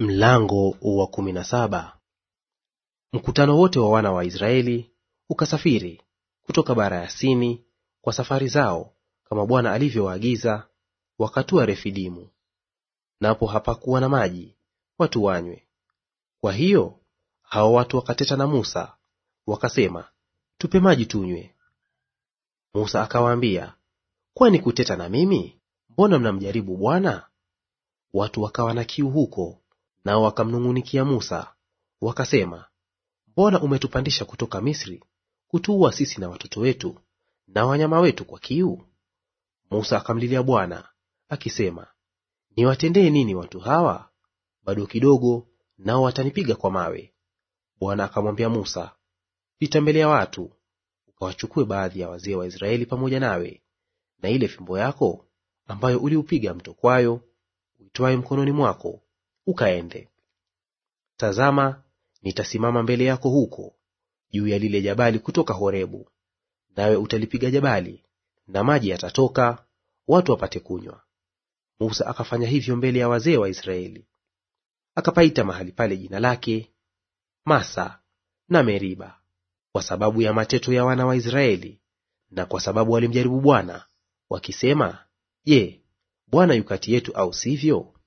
Mlango wa kumi na saba. Mkutano wote wa wana wa Israeli ukasafiri kutoka bara ya Sini kwa safari zao kama Bwana alivyowaagiza, wakatua Refidimu. Napo hapakuwa na maji watu wanywe. Kwa hiyo hao watu wakateta na Musa wakasema, tupe maji tunywe. Musa akawaambia, kwani kuteta na mimi? Mbona mnamjaribu Bwana? Watu wakawa na kiu huko Nao wakamnung'unikia Musa wakasema, mbona umetupandisha kutoka Misri kutuua sisi na watoto wetu na wanyama wetu kwa kiu? Musa akamlilia Bwana akisema, niwatendee nini watu hawa? Bado kidogo, nao watanipiga kwa mawe. Bwana akamwambia Musa, pita mbele ya watu ukawachukue baadhi ya wazee wa Israeli pamoja nawe, na ile fimbo yako ambayo uliupiga mto kwayo uitwaye mkononi mwako ukaende. Tazama, nitasimama mbele yako huko juu ya lile jabali kutoka Horebu, nawe utalipiga jabali, na maji yatatoka, watu wapate kunywa. Musa akafanya hivyo mbele ya wazee wa Israeli. Akapaita mahali pale jina lake Masa na Meriba, kwa sababu ya mateto ya wana wa Israeli na kwa sababu walimjaribu Bwana wakisema, Je, Bwana yukati yetu au sivyo?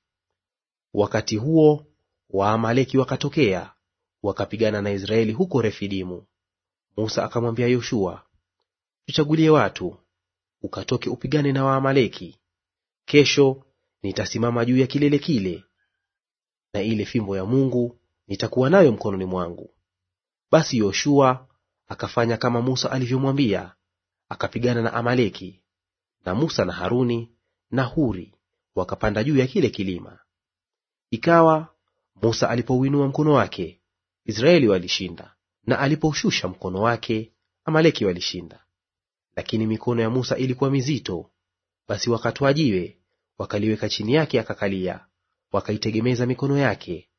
Wakati huo Waamaleki wakatokea wakapigana na Israeli huko Refidimu. Musa akamwambia Yoshua, tuchagulie watu ukatoke upigane na Waamaleki. Kesho nitasimama juu ya kilele kile, na ile fimbo ya Mungu nitakuwa nayo mkononi mwangu. Basi Yoshua akafanya kama Musa alivyomwambia, akapigana na Amaleki. Na Musa na Haruni na Huri wakapanda juu ya kile kilima. Ikawa Musa alipouinua mkono wake, Israeli walishinda, na alipoushusha mkono wake, Amaleki walishinda. Lakini mikono ya Musa ilikuwa mizito, basi wakatwa jiwe wakaliweka chini yake, akakalia. Wakaitegemeza mikono yake,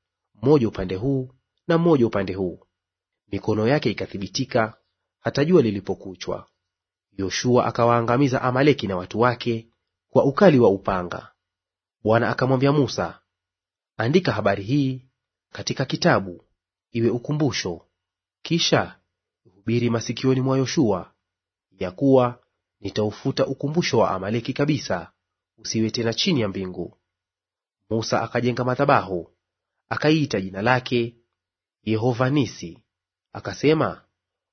mmoja upande huu na mmoja upande huu. Mikono yake ikathibitika hata jua lilipokuchwa. Yoshua akawaangamiza Amaleki na watu wake kwa ukali wa upanga. Bwana akamwambia Musa, Andika habari hii katika kitabu, iwe ukumbusho, kisha hubiri masikioni mwa Yoshua ya kuwa nitaufuta ukumbusho wa Amaleki kabisa, usiwe tena chini ya mbingu. Musa akajenga madhabahu, akaiita jina lake Yehova Nisi, akasema,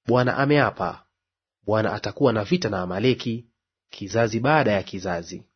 Bwana ameapa, Bwana atakuwa na vita na Amaleki kizazi baada ya kizazi.